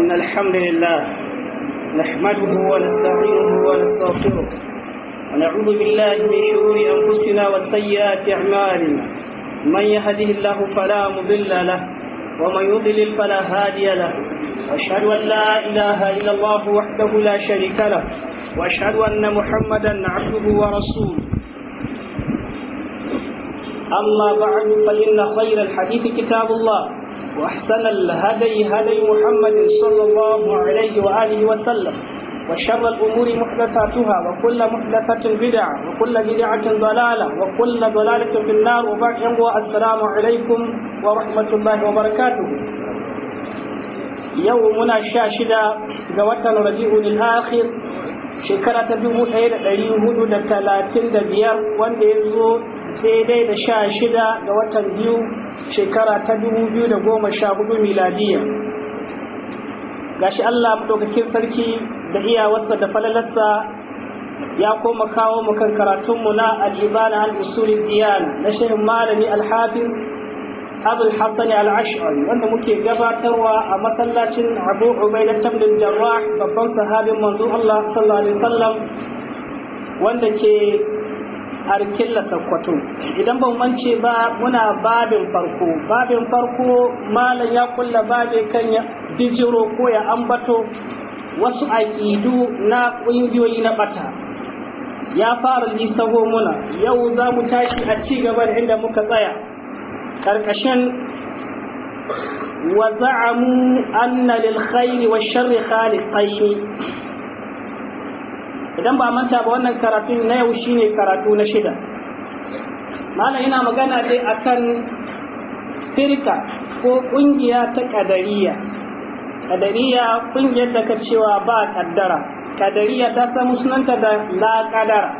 إن الحمد لله نحمده ونستعينه ونستغفره ونعوذ بالله من شرور أنفسنا وسيئات أعمالنا من يهده الله فلا مضل له ومن يضلل فلا هادي له أشهد أن لا إله إلا الله وحده لا شريك له وأشهد أن محمدا عبده ورسوله أما بعد فإن خير الحديث كتاب الله وأحسن الهدي هدي محمد صلى الله عليه وآله وسلم وشر الأمور محدثاتها وكل محدثة بدعة وكل بدعة ضلالة وكل ضلالة في النار وبعد السلام عليكم ورحمة الله وبركاته يومنا الشاشدة زوات ربيع الآخر شكرا ta dubu ɗaya da ɗari hudu da talatin da biyar shekara ta da goma 2014 miladiya gashi Allah madaukakin sarki da iyawarsa da falalarsa ya koma kawo mu kan karatun mu na al-ibana al diyan na shehin malami al-hafiz abul hasan al-ash'ari wanda muke gabatarwa a masallacin abu ubaidah tabdil jarrah babban sahabin manzo Allah sallallahu alaihi wasallam wanda ke har killa idan ban mance ba muna babin farko babin farko malam ya kulla babe kan ya bijiro ko ya ambato wasu aƙidu na ƙungiyoyi na bata ya fara lissago muna yau za mu tashi a ci gaba da inda muka tsaya Karkashin wa za'amu anna lil khairi wa sharri khaliqaini idan ba manta ba wannan karatun na yau shine karatu na shida malam ina magana dai akan firka ko kungiya ta kadariya kadariya kungiyar da ka cewa ba kaddara kadariya ta samu sunanta da la kadara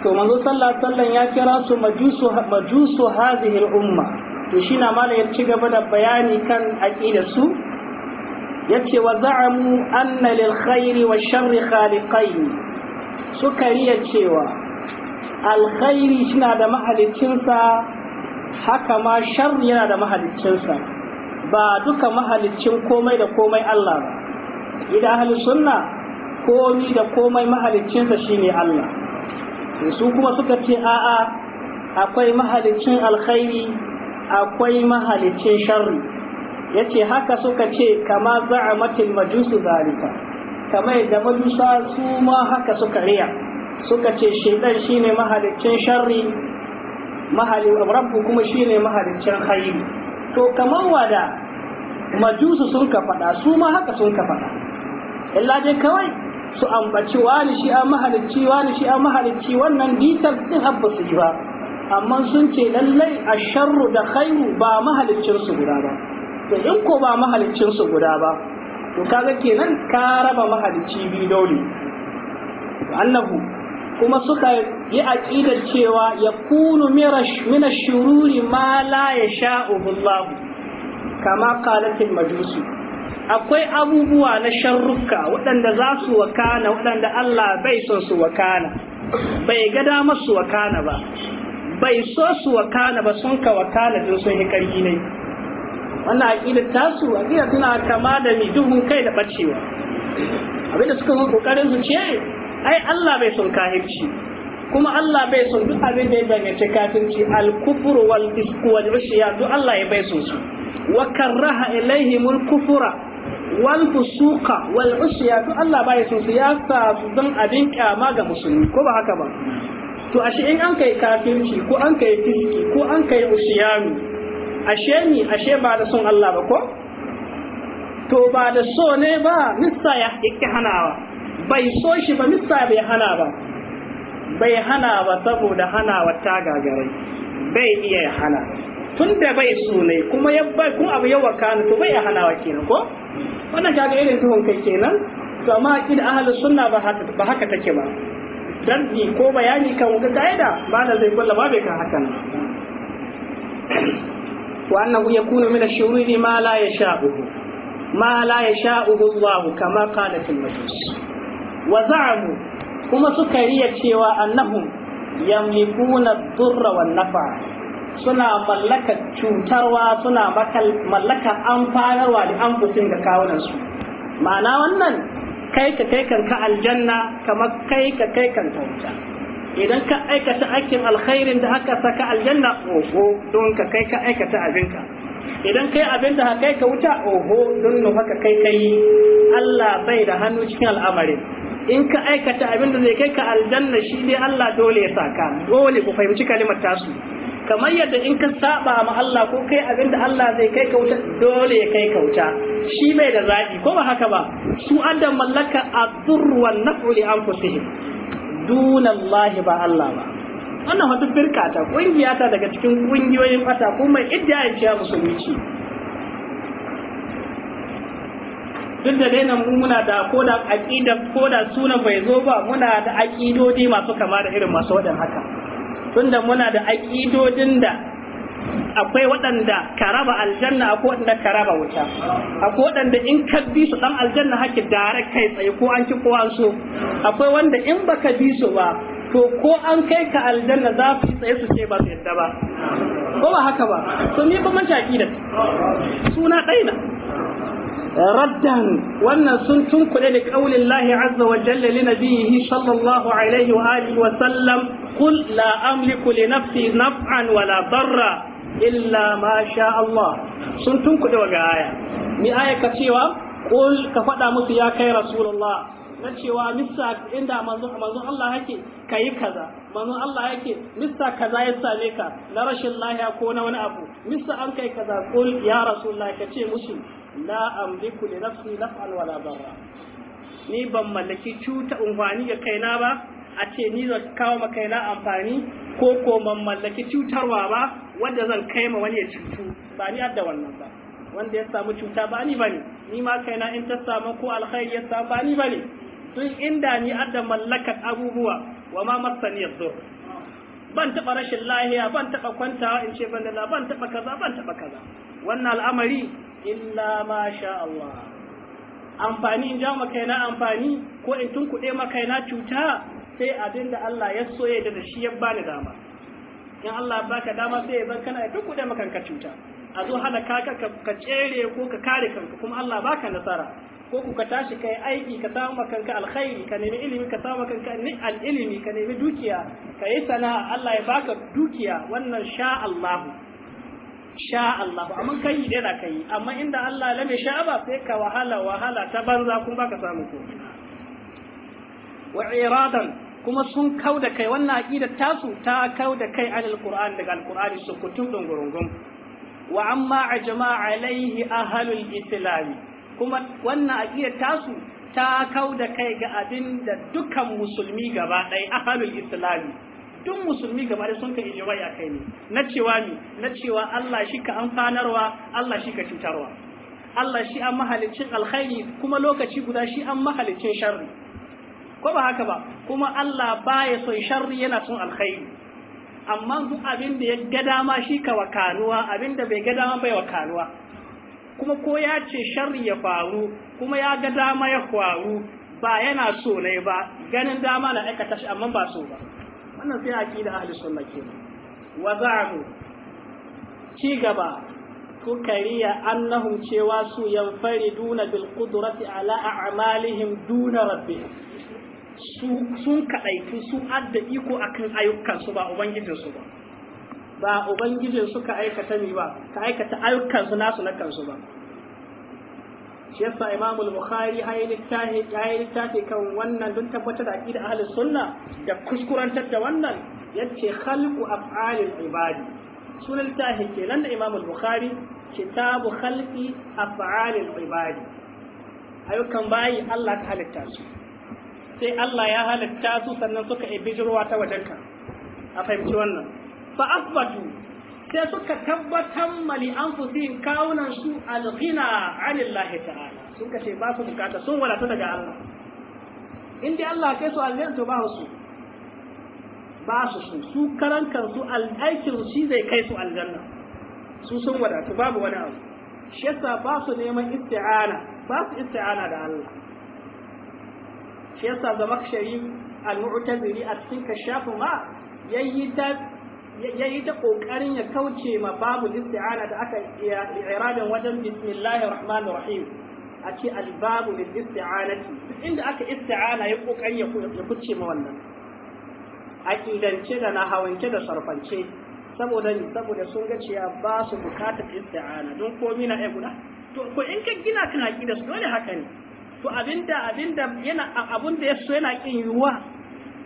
to manzo sallallahu alaihi ya kira su majusu majusu hadhihi al-umma to shi na ya ci gaba da bayani kan aqidar su Ya ce wa za'amu anna lil khairi wa sharri khaliqain suka riya cewa alkhairi shina da mahaliccinsa haka ma sharri yana da mahaliccinsa ba duka mahalicin komai da komai Allah ba idan ahli sunna komai da komai mahaliccinsa shine Allah su kuma suka ce a'a akwai mahalicin alkhairi akwai mahalicin sharri yace haka suka ce kama za'amatil majusu zalika kama da majusa su ma haka suka riya suka ce shaitan shine mahalicin sharri mahalin rabbu kuma shine mahalicin khairi to kaman wada majusu sun ka faɗa su ma haka sun ka faɗa illa dai kawai su ambaci wani shi a mahalicci wani shi a mahalicci wannan bitar din habba su ji ba amma sun ce lallai a sharru da khairu ba mahalicin su guda ba to in ko ba mahalicin su guda ba to kaga kenan ka raba mahalicci biyu dole annahu kuma suka yi aqidar cewa yakunu mirash min ash-shururi ma la yasha'u Allah kama qalat al-majusi akwai abubuwa na sharruka waɗanda za su wakana waɗanda Allah bai son su wakana bai ga damar su wakana ba bai so su wakana ba sun ka wakana don sun yi karfi ne wannan aqidar tasu aqida tana kama da ni duhun kai da bacewa abinda suka yi kokarin su ce ai Allah bai son kahirci kuma Allah bai son duk abin da ya danganci kafirci al-kufru wal fisq wal ushiya duk Allah ya bai son su wa karaha ilaihim mul kufra wal fusuqa wal ushiya duk Allah bai son su ya sa su dan abin kyama ga musulmi ko ba haka ba to ashe in an kai kafirci ko an kai fiski ko an kai ushiyanu ashe ni ashe ba da son Allah ba ko to ba da so ne ba mista ya yake hanawa bai so shi ba mista bai hana ba bai hana ba saboda hanawa ta gagarai bai iya hana tun da bai so ne kuma ya bai kun abu yawa kanu to bai iya hanawa kenan ko wannan kaga irin tuhun kai kenan to amma akid ahli sunna ba haka ba haka take ba bi ko bayani kan ga kaida da zai kulla ba bai kan hakan وأنه يكون من الشرور ما لا يشاءه ما لا يشاءه الله كما قالت المجوس وزعموا كما سكرية سوى أنهم يملكون الضر والنفع suna mallaka cutarwa suna mallaka amfanarwa da amfusin ga kawunansu ma'ana wannan kai ka kai kanka aljanna kamar kai ka kai idan ka aikata aikin alkhairin da haka saka aljanna oho don ka kai ka aikata abinka idan kai abin da kai ka wuta oho don nufa haka kai kai Allah bai da hannu cikin al'amarin in ka aikata abin da zai kai ka aljanna shi ne Allah dole ya saka dole ku fahimci kalimar tasu kamar yadda in ka saba ma Allah ko kai abin da Allah zai kai ka wuta dole ya kai ka wuta shi bai da zaɓi ko ba haka ba su adam mallaka adur wa naf'u li anfusihim dunallahi ba Allah ba wannan wata firka ta kungiya daga cikin kungiyoyin fata ko mai idda ya musulmi ce duk da dai nan mu muna da ko koda aqida bai zo ba muna da aqidodi masu kama da irin masu wadan haka tunda muna da aqidodin da akwai waɗanda ka raba aljanna akwai waɗanda ka raba wuta akwai waɗanda in ka bi su dan aljanna haki dare kai tsaye ko an ci ko an so akwai wanda in baka bi su ba to ko an kai ka aljanna za su tsaye su ce ba su yadda ba ko ba haka ba to ni ba man shaki da suna ɗaya raddan wannan sun tunkule da kaulin lahi azza wa jalla li nabiyihi sallallahu alaihi wa alihi wa sallam qul la amliku li nafsi naf'an wala darra illa ma sha Allah sun tunkuɗe wa ga aya mi aya ka cewa qul ka faɗa musu ya kai rasulullah na cewa mista inda manzon manzon Allah yake kai kaza manzon Allah yake mista kaza ya same ka na rashin lahiya ko na wani abu mista an kai kaza ko ya rasulullah ka ce musu la amliku li nafsi naf'an wala darra ni ban mallaki cuta unwani ga kaina ba a ce ni zan kawo ma kaina amfani ko ko man mallaki cutarwa ba wanda zan kai ma wani ya cutu ba ni adda wannan ba wanda ya samu cuta ba ni bane ni ma kaina in ta samu ko alkhairi ya samu ba ni bane tun inda ni adda mallakar abubuwa wa ma masani yadur ban taɓa rashin lahiya ban taɓa kwantawa in ce ban ban taɓa kaza ban taɓa kaza wannan al'amari illa ma sha Allah amfani in ja makaina amfani ko in tunkuɗe makaina cuta sai abin da Allah ya so ya da shi ya bani dama in Allah baka dama sai ya zan kana duk da ka cuta a zo hana ka ka tsere ko ka kare kanka kuma Allah ka nasara ko ku ka tashi kai aiki ka samu kanka alkhairi ka nemi ilimi ka samu kanka al'ilimi ka nemi dukiya ka yi sana'a Allah ya baka dukiya wannan sha Allah sha Allah amma kai dai na kai amma inda Allah la mai sha ba sai ka wahala wahala ta banza kuma baka samu ko wa iradan kuma sun kau da kai wannan aqidar tasu ta kau da kai alal qur'an daga alqur'ani su kutum dungurungun wa amma ajma alaihi ahlul islam kuma wannan aqidar tasu ta kau da kai ga abin da dukan musulmi gaba ɗaya ahlul islam duk musulmi gaba ɗaya sun kai ijimai a kai ne na cewa ne na cewa Allah shi ka amfanarwa Allah shi ka cutarwa Allah shi an mahalicin alkhairi kuma lokaci guda shi an mahalicin sharri ko ba haka ba kuma Allah baya son sharri yana son alkhairi amma duk abin da ya ga dama shi ka wakanuwa abin da bai ga dama bai wakanuwa kuma ko ya ce sharri ya faru kuma ya ga dama ya faru ba yana so ne ba ganin dama na aikata shi amma ba so ba wannan sai aqida ahli sunna kenan wa za'u ci gaba kukariya Annahu cewa su yanfariduna bil qudrati ala a'malihim duna rabbihim sun kaɗaitu su adda iko akan ayyukansu ba ubangijinsu ba ba ubangijin ka aikata ni ba ka aikata ayyukansu nasu na kansu ba shi yasa bukhari ya yi littafi kan wannan don tabbatar da aqida ahlus sunna da kuskurantar da wannan yace khalqu af'alil ibadi sunan littafi kenan da imamu al-bukhari kitabu khalqi af'alil ibadi ayyukan bayi Allah ta halitta su sai Allah ya halitta su sannan suka yi bijirwa ta wajenka a fahimci wannan fa asbatu sai suka tabbatar mali an anfusihim kawunan su alghina anillahi ta'ala sun kace ba su bukata sun wadata daga Allah in dai Allah kai su aljanna to ba su ba su su su karan kansu al'aikin shi zai kai su aljanna su sun wadatu babu wani abu shi yasa ba su neman isti'ana ba su isti'ana da Allah shi yasa zamakshari al-mu'tazili a cikin kashafu ma yayi ta ta kokarin ya kauce ma babu isti'ana da aka i'rabin wajen bismillahir rahmanir rahim a ce al-babu lil isti'anati inda aka isti'ana ya kokarin ya kuce ma wannan A aqidance da nahawance da sarfance saboda ni saboda sun ga cewa ba su bukatar isti'ana don komai na ai guda to ko in ka gina kana aqida dole haka ne to abinda abinda yana abun da yaso yana kin yuwa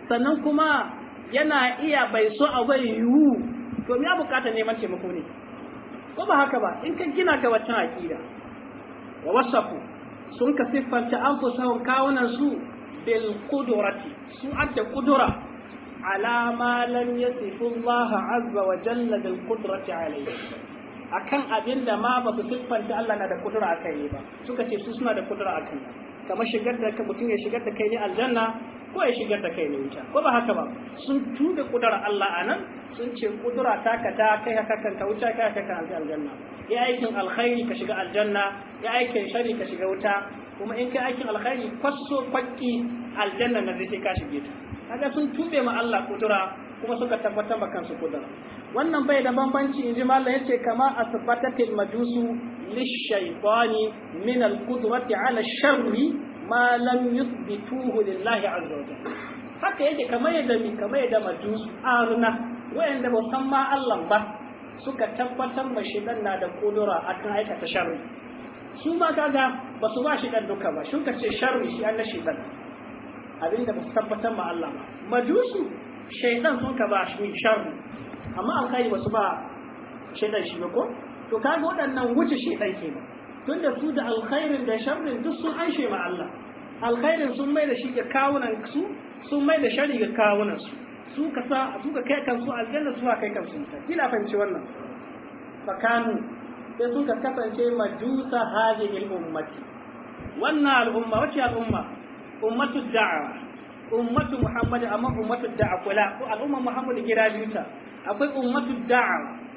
sannan kuma yana iya bai so a bai yiwu to me ya bukata neman taimako ne ko ba haka ba in ka gina ka wata aqida wa wasafu sun ka siffanta anfusahum kawunan su bil qudrati su adda qudura ala ma lam yasifu Allah azza wa jalla bil qudrati alayhi akan abin ma ba su siffanta Allah na da kudura akai ba suka ce su suna da kudura akan kamar shigar da mutum ya shigar da kai ne aljanna ko ya shigar da kai ne wuta ko ba haka ba sun tuda kudura Allah a nan sun ce kudura ta ka ta kai haka kan ta wuta kai haka kan aljanna ya aikin alkhairi ka shiga aljanna ya aikin shari ka shiga wuta kuma in kai aikin alkhairi kwasso kwakki aljanna na zai ka shige ta kaga sun tube ma Allah kudura kuma suka tabbatar ma kansu kudura wannan bai da bambanci in ji mallam ce kama asbatatil majusu للشيطان من القدرة على الشر ما لم يثبتوه لله عز وجل haka yake kamar yadda mi kamar yadda majus arna wayanda ba san ma Allah ba suka tabbatar ma shedan na da kudura akan aikata sharri su ma kaga ba su ba shi dan duka ba sun ce sharri shi Allah shedan abinda ba su tabbatar ma Allah ba majusu shedan sun ka ba shi sharri amma alkai ba su ba shedan shi ba ko to kaga waɗannan wuce shedan kenan tunda su da alkhairin da sharrin duk sun anshe ma Allah alkhairin sun mai da shi ga kawunan su sun mai da shari ga kawunan su su ka sa su ka kai kansu aljanna su ka kai kansu ta kila fahimci wannan fakanu sai sun ka kasance majusa hadhihi ummati wannan al'umma wace al'umma ummatu da'a. ummatu Muhammadu, amma ummatu da'a kula ko al'umma Muhammadu gida biyu ta akwai ummatu da'a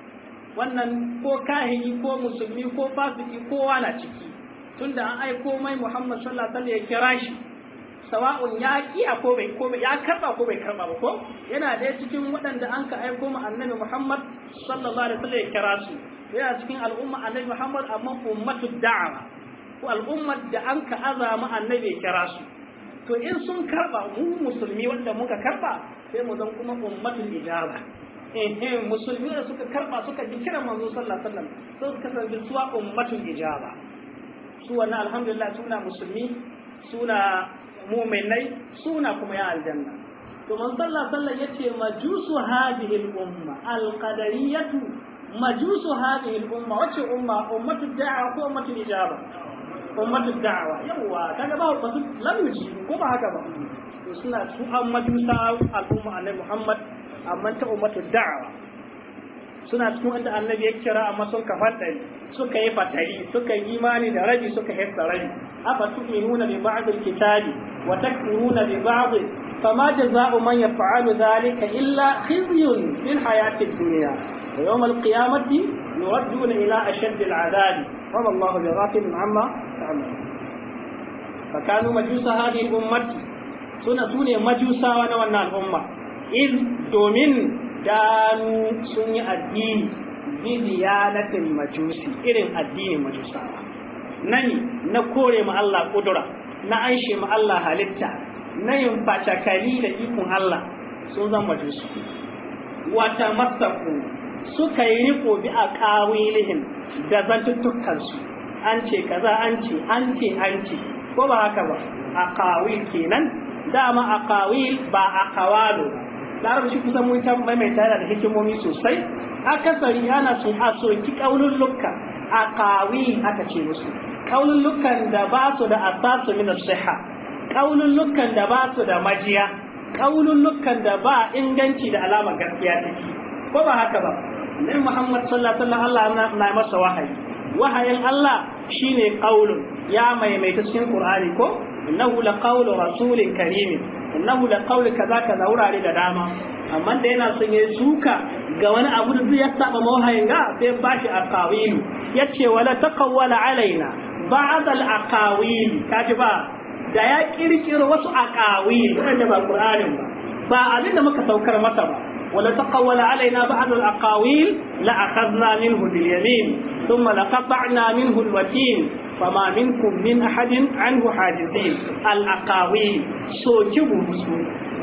wannan ko kahini ko musulmi ko fasiki kowa na ciki tunda an aiko mai Muhammad sallallahu alaihi ya kira shi sawa'un ya kiya ko bai ko ya karba ko bai karba ba ko yana da cikin waɗanda an ka aiko mu annabi Muhammad sallallahu alaihi wasallam ya kira su yana cikin al'umma annabi Muhammad amma ummatu d'a'a. ko al'umma da an ka azama annabi ya kira su to in sun karba mu musulmi wanda muka karba sai mu zan kuma ummatu ijaba Eh, musulmi da suka karba suka ji kiran manzo sallallahu alaihi wasallam sai suka kasance suwa ummatul ijaba su wannan alhamdulillah suna musulmi suna mu'minai suna kuma ya aljanna to manzo sallallahu alaihi wasallam yace majusu hadhihi al-umma al-qadariyatu majusu hadhihi al-umma wace umma ummatul da'wa ko ummatul ijaba ummatul da'wa yawa kaga ba ba su lamuji ko ba haka ba to suna su an majusa al'umma annabi Muhammad amma ta ummatu da'awa suna cikin wanda annabi ya kira amma sun ka fadari suka yi fatari suka yi imani da rabi suka hessa rabi afa tu'minuna bi ba'd al-kitabi wa takfuruna bi ba'd fama jazaa'u man yaf'alu dhalika illa khizyun fil hayati ad-dunya wa yawm al-qiyamati yuradduna ila ashadd al-'adab wa ma Allahu bighafilin amma ta'malun fakanu majusa hadhihi al-ummati suna sune majusawa na wannan al'umma in domin danu sun yi addini bi ziyadatil majusi irin addinin majusawa nani na kore ma Allah kudura na anshe ma Allah halitta na yin fatakali da ikon Allah sun zan majusu wata masaku suka yi riko bi a kawilihin da su an ce kaza an ce an ce an ce ko ba haka ba a kawil kenan dama a kawil ba a kawalo ba larabci kusan mun ta maimaita da hikimomi sosai akasari ana so a so ki kaulun lukka a kawi aka ce musu kaulun lukkan da ba su da asasu min as-sihha kaulun lukkan da ba su da majiya kaulun lukkan da ba inganci da alamar gaskiya take ko ba haka ba Nabi Muhammad sallallahu alaihi wasallam Allah na masa wahayi wahayin Allah shine kaulun ya maimaita cikin Qur'ani ko innahu laqawlu rasulin karim innahu laqawlu kaza kaza wurare da dama amma da yana son ya suka ga wani abu da ya saba mawahayin ga sai bashi aqawilu yace wala taqawwala alaina ba'd al aqawil kaji ba da ya kirkiro wasu aqawil wanda ba qur'anin ba ba abin da muka saukar masa ba wala taqawwala alaina ba'd al aqawil la akhadna minhu bil yamin thumma laqata'na minhu al watin fama minkum min ahadin anhu hajizin al-aqawi soki burusu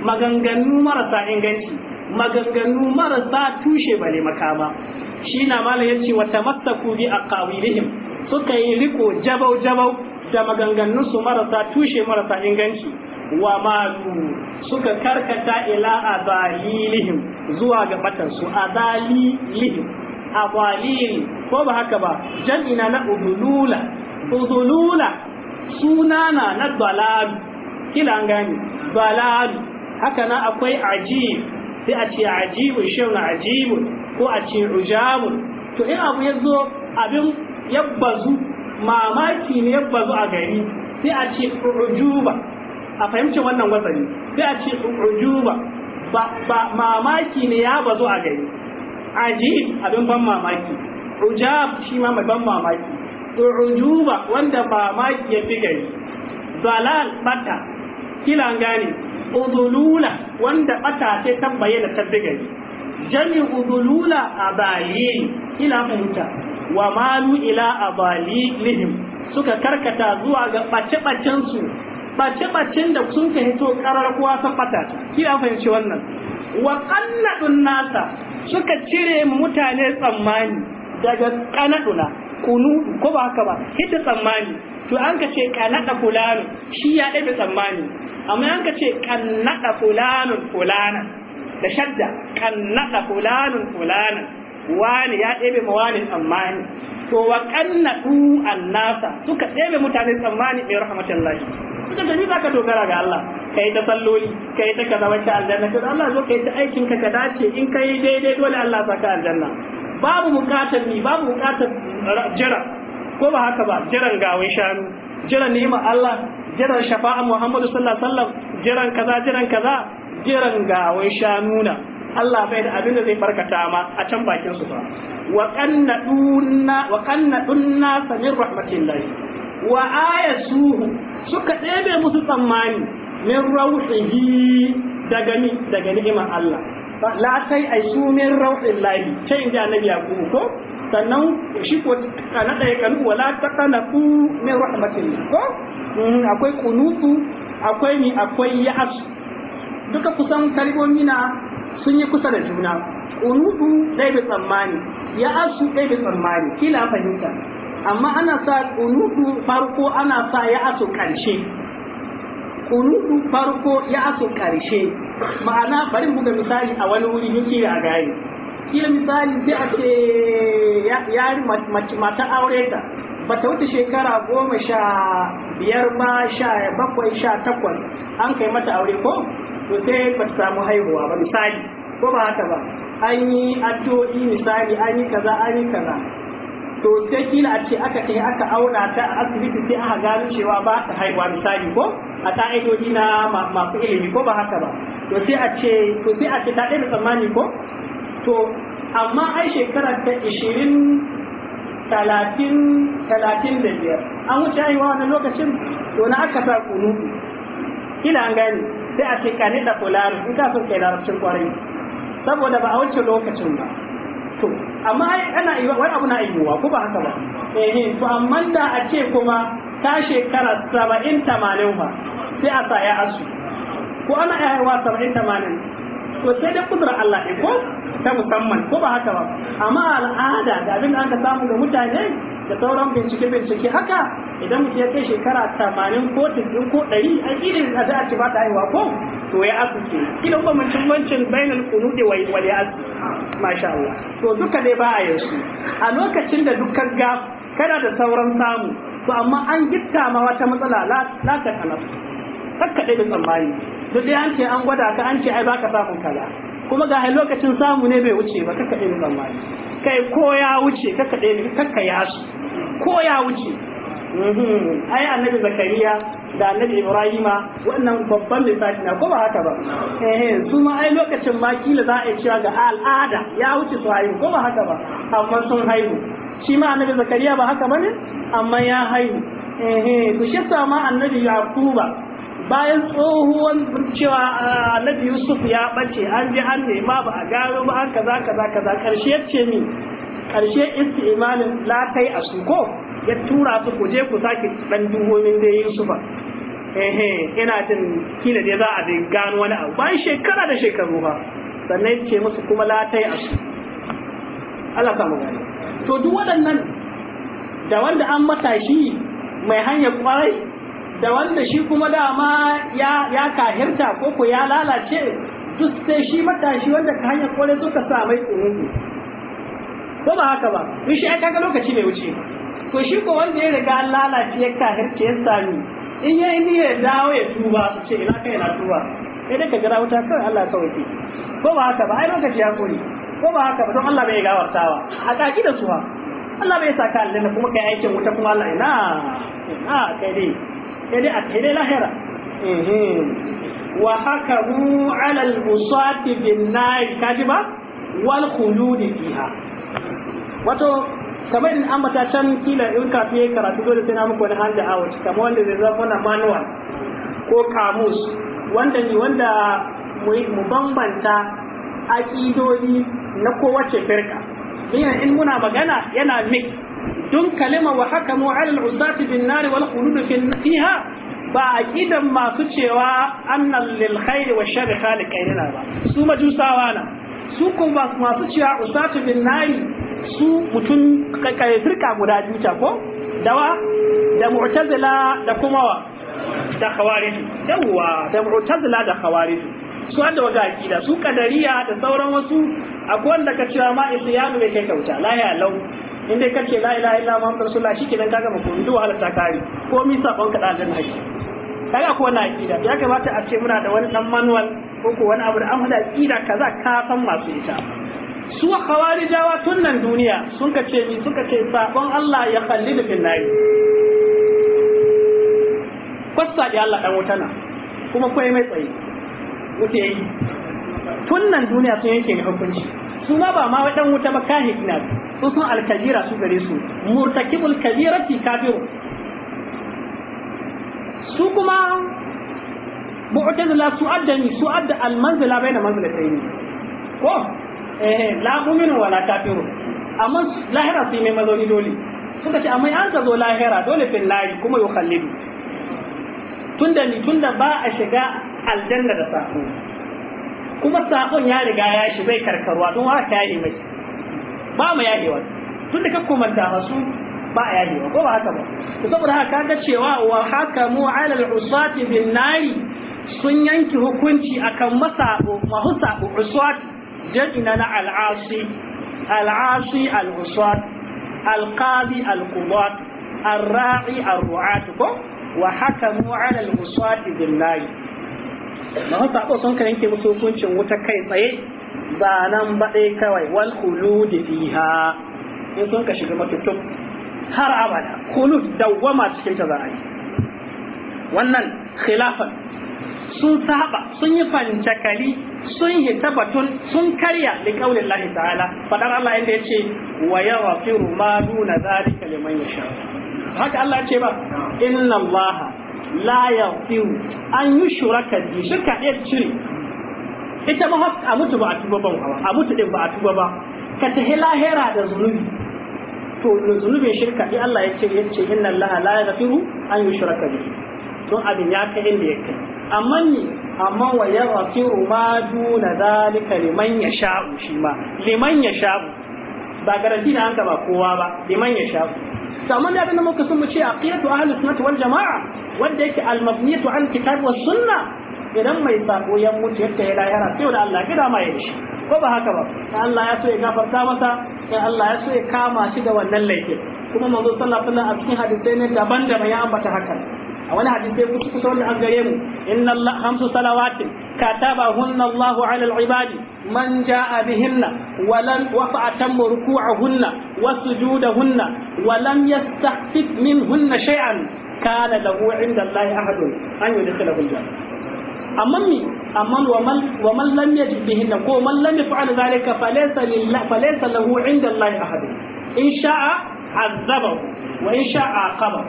maganganu marasa inganci maganganu marasa tushe ba bale makama shi na mala ya wa tamassaku bi aqawilihim suka yi riko jabau jabau da maganganun su marasa tushe marasa inganci wa malu suka karkata ila adalilihim zuwa ga batansu adalilihim abalil ko ba haka ba jam'ina na ubulula. uzununa sunana na dalalu kila an gane dalalu haka na akwai ajib sai a ce ajibun shin ajibun ko a ce ujabun to in abu ya zo abin yabbazu mamaki ne yabbazu a gari sai a ce ujuba a fahimci wannan watsani sai a ce ujuba ba mamaki ne ya bazu a gari ajib abin ban mamaki ujab shi ma mai ban mamaki ujuba wanda ma ya fi gari dalal bata kila gani udulula wanda bata ce ta bayyana ta fi gari jami udulula abali ila muta wa malu ila abali lihim suka karkata zuwa ga bace-bacen su bace-bacen da sun ka hito karar kuwa ta bata kila fahimci wannan wa qannadun nasa suka cire mutane tsammani daga kanaduna kunu ko ba haka ba hidda tsammani to an ka ce ka fulanu shi ya ɗaya tsammani amma an ka ce ka nada fulana da shadda kan nada fulanun fulana wani ya ɗebe ma wani tsammani to wa kan annasa suka ɗebe mutane tsammani bai rahmatullahi suka tafi za ka dogara ga Allah ka yi ta salloli ka yi ta kaza wacce aljanna to Allah zo ka yi ta aikin ka ka dace in ka yi daidai dole Allah saka aljanna babu bukatar ni babu bukatar jira ko ba haka ba jiran gawin shanu jiran ni'ima Allah jiran shafa'a Muhammadu sallallahu alaihi wasallam jiran kaza jiran kaza jiran gawin shanu na Allah bai da abin da zai farkata ma a can bakin su ba wa qanna dunna wa qanna samir rahmatillahi wa ayasuhu suka ɗebe musu tsammani min rauhihi daga ni daga ni'imar Allah la sai ai sumin rauhin lahi ce in ji annabi yaqubu ko sannan shi ko kana da kanu wala ku min rahmatin ko mm, akwai kunutu akwai ni akwai ya'as duka kusan kalmomi na sun yi kusa da juna kunutu dai bi tsammani ya'as dai bi tsammani kila fahimta amma ana sa kunutu farko ana sa ya'asu karshe kunudu farko ya aso karshe ma'ana bari mu ga misali a wani wuri yake a gari kila misali sai a ce yari mata aure ta ba ta wuce shekara goma sha biyar ba sha bakwai sha takwas an kai mata aure ko to sai ba ta samu haihuwa ba misali ko ba haka ba an yi addu'o'i misali an yi kaza an yi kaza to sai kila a ce aka kai aka aura ta asibiti sai aka gano cewa ba ta haihuwa misali ko a ka'idoji na masu ilimi ko ba haka ba to sai a ce to sai a ce ta ɗaya tsammani ko to amma ai shekarar ta ishirin talatin talatin da biyar an wuce aiwa wani lokacin to na aka sa kunu ina an gani sai a ce kane da fulani in ka son kai larabcin kwarai saboda ba a wuce lokacin ba to amma ai ana wani abu na yiwuwa ko ba haka ba eh to amma da a ce kuma ta shekara saba'in tamanin ba sai a sa ya asu ko ana ya haihuwa saba'in tamanin to sai dai kudura Allah ne ko ta musamman ko ba haka ba amma al'ada da abin da aka samu ga mutane da sauran bincike bincike haka idan mutum ya kai shekara tamanin ko tisin ko ɗari a irin da za a ci ba ta haihuwa ko to ya asu ke kila ba mutum wancin bainal kunudi wai wal ya asu masha Allah to duka dai ba a yanzu a lokacin da dukkan ga kana da sauran samu to amma an gitta ma wata matsala la ta kana takka dai tsammani duk dai an ce an gwada ka an ce ai baka samun kaza kuma ga hai lokacin samu ne bai wuce ba takka dai tsammani kai ko ya wuce takka dai takka ya su ko ya wuce mhm. ai annabi zakariya da annabi ibrahima wannan babban lissafi na ko ba haka ba eh su ma ai lokacin ma kila za a cewa ga al'ada ya wuce su haihu ko ba haka ba amma sun haihu shi ma annabi zakariya ba haka bane amma ya haihu ehe to shi sama annabi yakuba bayan tsohuwan cewa ah, annabi yusuf ya bace an ji an nema ba a gano ba an kaza kaza kaza karshe yace min karshe istimanin la kai a su ko ya tura su ku je ku sake dan duhomin da yusufa ehe ina jin kila dai za a dai gano wani abu bayan shekara da shekaru ba sannan ce musu kuma la kai a su Allah ta magana to duk waɗannan da wanda an matashi mai hanyar kwarai da wanda shi kuma dama ya ya kahirta ko ko ya lalace duk sai shi matashi wanda ka hanyar kwarai suka sa mai tsoron ko ba haka ba in shi aka ga lokaci mai wuce to shi ko wanda ya riga an lalace ya kahirta ya sami in ya yi ya dawo ya tuba su ce ina kai na tuba sai dai ka jira wuta kawai Allah ka wuce. ko ba haka ba ai lokaci ya kore ko ba haka ba don Allah bai gawartawa a kaki da suwa Allah bai ka aljanna kuma kai aikin wuta kuma Allah ina ina kai dai kai dai a kai dai lahira mhm. wa mu ala al-musati bin nar kaji ba wal khuludi fiha wato kamar in an mata can kila in ka fiye karatu dole sai na muku wani a wuce kamar wanda zai zama na manual ko kamus wanda ni wanda mu bambanta aƙidodi na kowace firka biyan in muna magana yana mix dun kalima wa hakamu ala al-usati bin nar wal khulud fiha ba aqidan masu cewa annal lil khair wa shar khaliqaina ba su majusawa na su kuma masu cewa usatu bin nar su mutum kai-kai, firka guda juta ko dawa da mu'tazila da kuma wa da khawarij yawa da mu'tazila da khawarij su da waga akida su kadariya da sauran wasu akwai wanda ka cewa ma ya bai kai kauta ya lau in dai kace la ilaha illa muhammadu rasulullah kenan kaga ba duwa halatta wahala ta kare komai sabon ka da aljanna hake kaga ko na aqida ya kamata a ce muna da wani dan manual ko ko wani abu da an hada aqida kaza ka san masu ita su khawarijawa tun nan duniya sun ka ce ni suka ce sabon Allah ya khallidu fil nayi kwasta da Allah dan wutana kuma kai mai tsaye wuce yi tun nan duniya sun yanke mai hukunci su ma ba ma wai wadan wuta ba kahi ina su sun alkabira su gare su murtakibul kabirati kafiru su kuma mu'tazila su adda ni su adda almanzila baina manzilatayn ko eh la mu'minu wala kafiru amma lahira su mai mazauni dole suka ce amma an ka zo lahira dole fil lari kuma yukhallidu tunda ni tunda ba a shiga aljanna da sako kuma sakon ya riga ya shi bai karkarwa don haka ya yi mai ba mu yahewa tun da ka komanta masu ba a yahewa ko ba haka ba to saboda haka ga cewa wa hakamu ala al-usati bin nari sun yanki hukunci akan masabo mahusa usat jadina na al-asi al-asi al-usat al-qadi al-qudat ar-ra'i ar-ru'at ko wa hakamu ala al-usati bin nari masu sako sun ka yanke musu hukuncin wuta kai tsaye ba nan ba ɗaya kawai wal khulud fiha in sun ka shiga matutum har abada khulud dawwama cikin ta za a yi wannan khilafan sun saba sun yi fancakali sun hita batun sun karya da kaulin Allah ta'ala fadar Allah inda ya ce wa yaghfiru ma duna zalika liman yasha haka Allah ya ce ba inna Allaha." la yaqiu an yi shuraka ji shirka ɗaya cire ita ma a mutu ba a tuba ba a mutu ɗin ba a tuba ba ka tahi lahira da zunubi to da zunubin shirka ɗaya Allah ya ce ya ce inna Allah la yaqiu an yi shuraka ji don abin ya kai inda ya kai amma ni amma wa yaqiu ma duna zalika liman yasha'u shi ma liman yasha'u ba garanti da an ba kowa ba liman yasha'u amma da abinda muka san mu ce a ahlus sunnah wal jamaa wanda yake al mabniyatu an kitab was sunnah idan mai sako ya mutu yadda ya lahira sai da Allah gida ma ya shi ko ba haka ba sai Allah ya so ya gafarta masa sai Allah ya so ya kama shi da wannan laifin kuma manzo sallallahu alaihi wasallam a cikin hadisai ne daban-daban ya ambata haka a wani hadisai kusa kusa wanda an gare mu inna Allah salawatin كتبهن الله على العباد من جاء بهن ولم وفأتم ركوعهن وسجودهن ولم يستخفف منهن شيئا كان له عند الله أحد أن يدخله الجنة أما أما ومن ومن لم يجد بهن ومن لم يفعل ذلك فليس لله فليس له عند الله أحد إن شاء عذبه وإن شاء عاقبه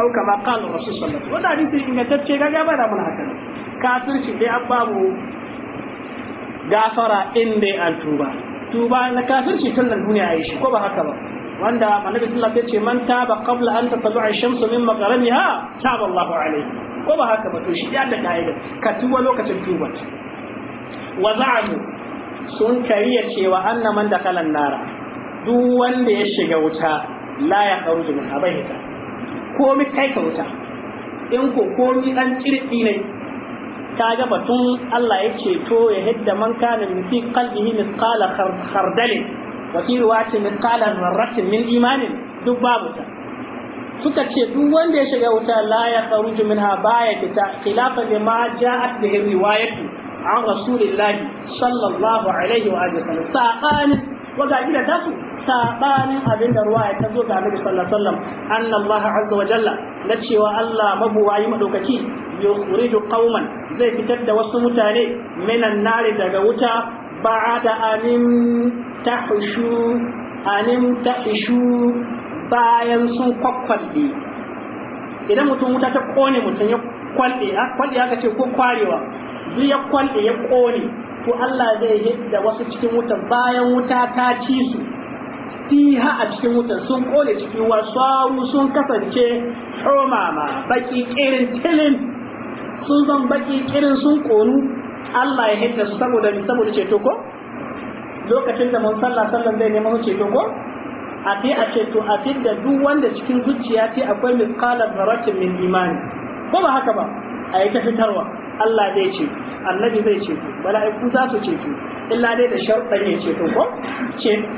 أو كما قال الرسول صلى الله عليه وسلم وده حديث إن تتشي غابة من هكذا kafirci dai an babu gafara in dai an tuba tuba na kafirci tun nan duniya yi shi ko ba haka ba wanda annabi sallallahu alaihi ce man taba qabla an tatlu'a ash-shamsu min magharibiha taba Allahu alaihi ko ba haka ba to shi da kaida ka tuba lokacin tuba wa za'amu sun kariya cewa annaman da kalan nara duk wanda ya shiga wuta la ya kharuju min abaita komai kai ka wuta in ko komi dan kirki ne kaga batun Allah ya ceto ya hidda man kana min fi qalbihi mithqala khardalin wa fi min imanin duk babu ta suka ce duk wanda ya shiga wuta la ya kharuju minha baya fita khilafa lima ja'at bihi riwayatu an rasulillahi sallallahu alaihi wa sallam saqan wa ga tasu sabanin abin da ruwa ya ta zo ga Annabi sallallahu alaihi wasallam anna Allah azza wa jalla na cewa Allah mabuwayi madaukaki yukhriju qauman zai fitar da wasu mutane minan nari daga wuta ba'ada anim tahshu anim tahshu bayan sun kwakwalle idan mutum wuta ta kone mutum ya kwalle a kwalle aka ce ko kwarewa duk ya kwalle ya kone to Allah zai hidda wasu cikin wuta bayan wuta ta ci su fiha a cikin wutan sun kone cikin wa saru sun kasance humama baki kirin tilin sun zan baki kirin sun konu Allah ya hidda su saboda saboda ceto ko lokacin da mun sallah sallan zai neman ceto ko a fi a ceto a fi da duk wanda cikin zuciya ce akwai misqalar zaratin min imani ko ba haka ba a yi ta fitarwa Allah zai ce annabi zai ce mala'iku za su ce illa dai da sharɗan ya ceto ko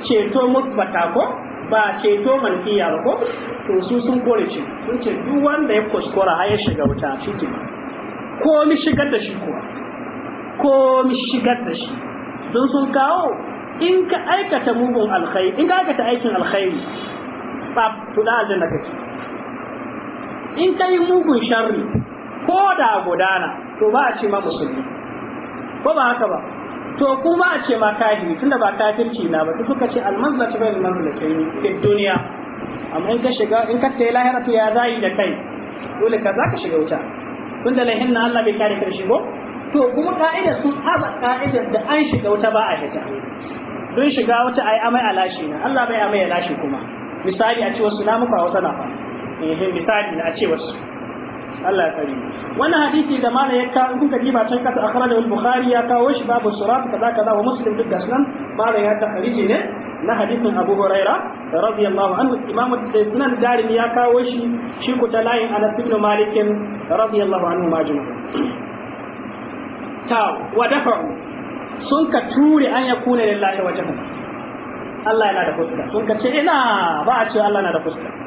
ceto mutbata ko ba ceto mankiya ba ko to su sun kore ce sun ce duk wanda ya kuskura har ya shiga wuta shi ko mi shigar da shi kuwa ko mi shigar da shi don sun kawo in ka aikata mugun alkhairi in ka aikata aikin alkhairi ba to da aljanna kake in ka yi mugun sharri ko da gudana to ba a ce ma musulmi ko ba haka ba to kuma a ce ma kafiri tunda ba kafirci na ba suka ce almanzati bai almanzati ne duniya amma in ka shiga in ka tayi lahira to ya zai da kai dole ka zaka shiga wuta tunda da lahin na Allah bai kare ka shigo to kuma ka'idar sun saba ka'idar da an shiga wuta ba a shiga don shiga wuta ai amai alashi na Allah bai amai alashi kuma misali a ce wasu eh, na muku a wata na fa misali a ce wasu Allah ya kare wannan hadisi da mana ya ka kuka diba can kasa akhrajahu al-bukhari ya kawo shi babu surat kaza kaza wa muslim duk gasnan mala ya hadisi ne na hadisin Abu Huraira radiyallahu anhu Imam Sunan Darim ya kawo shi shi ku ta layin ana ibn Malik radiyallahu anhu majmu ta wa dafa'u sun ka ture an ya yakuna lillahi wajhu Allah yana da fuska sun ka ce ina ba a ce Allah yana da fuska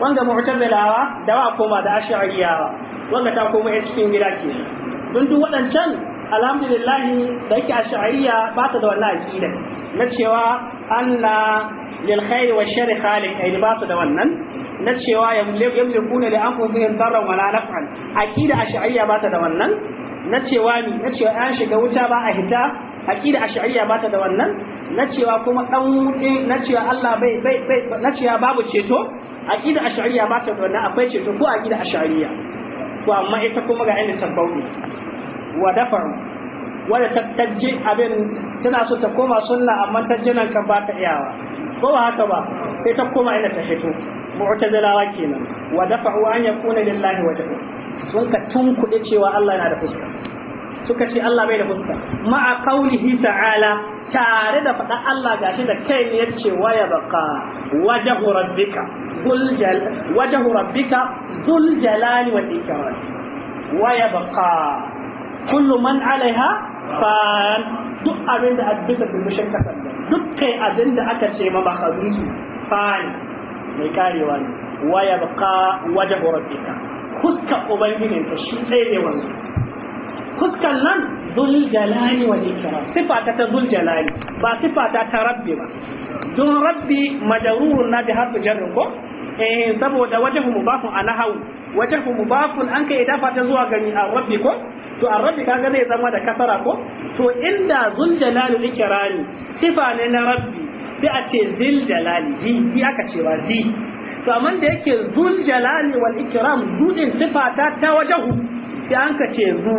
wanda mu'tazilawa da ba koma da ash'ariyawa wanga ta koma a cikin gida ke don duk waɗancan alhamdulillah da yake ash'ariya ba ta da wannan aqida na cewa Allah lil khair wa sharri khaliq ai ba ta da wannan na cewa yamlikuna li anfusihim darran wala naf'an aqida ash'ariya ba ta da wannan na cewa ni na cewa an shiga wuta ba a hita aqida ba ta da wannan na cewa kuma dan na cewa Allah bai bai na cewa babu ceto aqida ash'ariyya ba ta wannan akwai ce ko aqida ash'ariyya to amma ita kuma ga inda tabbaudi wa dafar wanda ta tajji abin tana so ta koma sunna amma tajjinan kan ba ta iyawa ko ba haka ba ita ta koma inda ta fito mu'tazilawa kenan wa dafa'u an yakuna lillahi wajhu sun ka tunkuɗe cewa Allah yana da fuska suka ce Allah bai da fuska ma'a qaulihi ta'ala tare da faɗa Allah gashi da kai ne yace wa ya baqa wajhu rabbika ذل جل وجه ربك ذو الجلال والإكرام ويبقى كل من عليها فان duk abin da kasar da kai abin da aka ce ma ba kazuzu fani mai karewa ne waya baka wajen horar fuska ubangijinka shi ɗaya ne wanzu fuskan nan zul jalali wa ikram sifa ta ta zul jalali ba sifa ta ta rabbi ba don rabbi majrurun na bi harfi jarrin ko eh saboda wajhu mubafun ala hawu wajhu mubafun an kai idafa ta zuwa gani a rabbi ko to a rabbi kaga zai zama da kasara ko to inda zul jalali wal ikrami sifa ne na rabbi sai a ce zil jalali ji aka ce wa ji to amma da yake zul jalali wal ikram zudin sifa ta ta wajhu sai an ka ce zu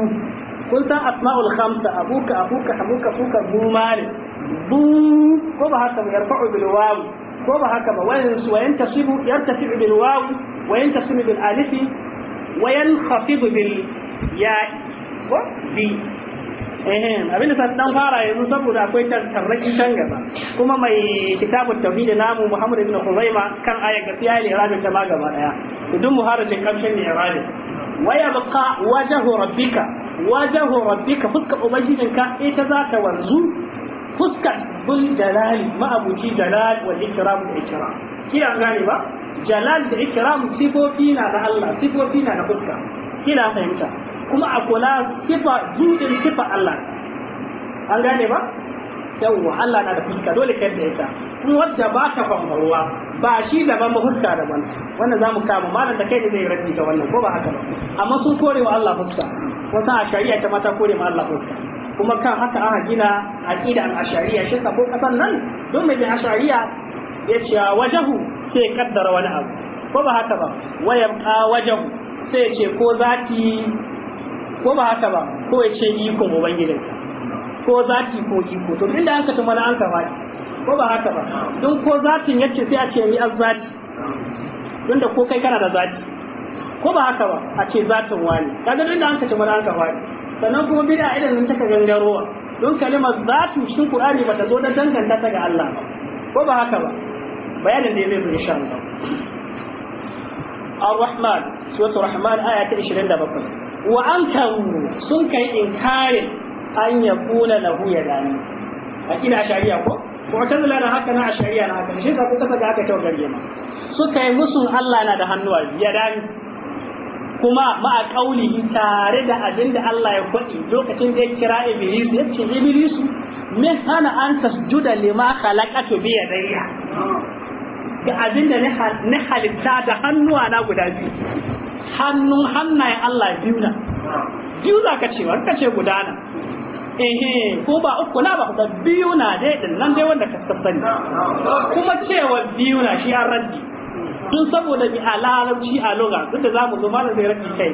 kun san asma'ul khamsa abuka abuka abuka abuka bumari bu ko ba haka yarfa'u bil wawu, ko ba haka ba wayan su wayan tasibu yartafi bil waw wayan tasibu bil alif wayan khafidu bil ya ko bi ehem abin da dan fara yanzu saboda akwai tarraki can gaba kuma mai kitabut tauhid namu Muhammad ibn Khuzaima kan ayar gaskiya ne irabin ta ma gaba daya idan muharajin kamshin ne irabin waya baqa wajhu rabbika Wajen wajahu rabbika fuskar ubangijinka ita za ta wanzu fuskar bul jalali ma'abuci jalal wa ikiram da ikram kina gane ba jalal da ikiram sifofi na da Allah sifofi na na fuska kina fahimta kuma a kula sifa judin sifa Allah an gane ba yawwa Allah na da fuska dole kai da ita kuma wadda ba ta kwamfarwa ba shi daban ba fuska daban wannan zamu kama malam da kai ne zai rabbi ga wannan ko ba haka ba amma sun korewa Allah fuska a ashariya ta mata kore ma Allah hujja kuma kan haka aka gina aqida al-ashariya shi ko kasan nan don mai ashariya ya ce wajahu sai kaddara wani abu ko ba haka ba wayam ka wajahu sai ce ko zati ko ba haka ba ko ya ce ikon ubangijinka ko zati ko iko to inda an ka tuma an ka ba ko ba haka ba don ko zatin yace sai a ce ni azati don da ko kai kana da zati ko ba haka ba a ce zatin wani kaga nan da an kace mana an ka fadi sannan kuma bid'a idan nan taka gangarowa don kalimar zatu cikin qur'ani ta zo da danganta ta ga Allah ba ko ba haka ba bayanin da ya zai insha Allah Ar-Rahman suratul Rahman aya ta 27 wa ankaru sun kai inkarin an yakuna lahu yadani a ina shari'a ko mu'tazila na haka na shari'a na haka shi ka kuka saka aka tawagar yema suka yi musun Allah na da hannuwa ya dani kuma ma'a kaulihi tare da abin da Allah ya faɗi lokacin da ya kira Iblis ya ce Iblis min hana an tasjuda lima khalaqatu bi yadayya ga abin da ni halitta da hannuwa na guda biyu hannun hannayen Allah biyu na biyu za ka ce ka ce guda na ehe ko ba uku na ba biyu na dai din nan dai wanda ka sani kuma cewa biyu na shi an raddi tun saboda bi a a luga duk da mu zo malam zai rafi kai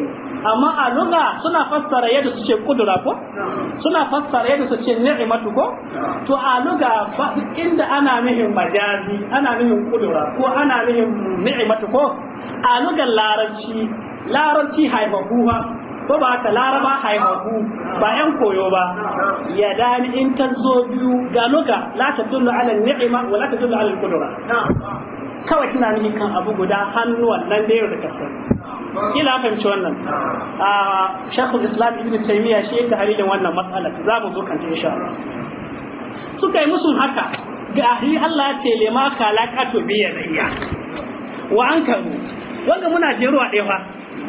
amma a luga suna fassara yadda su ce kudura ko suna fassara yadda su ce ni'imatu ko to a luga inda ana mihin majazi ana mihin kudura ko ana mihin ni'imatu ko a lugan larabci larabci haifafu ba ko ba ta laraba haihaku ba yan koyo ba ya dani in ta zo biyu ga nuka la ta dullu ala ni'ima wa la ta dullu ala al kawai tana nuni kan abu guda hannuwan nan da yau da kasa, kila fahimci wannan a ah, shakul islam ibn taymiya shi yadda halilin wannan matsalar za mu zo kanta insha suka yi musun haka ga ahli Allah ya ce lema kalaqatu bi yadayya wa ankaru wanda muna jeruwa a fa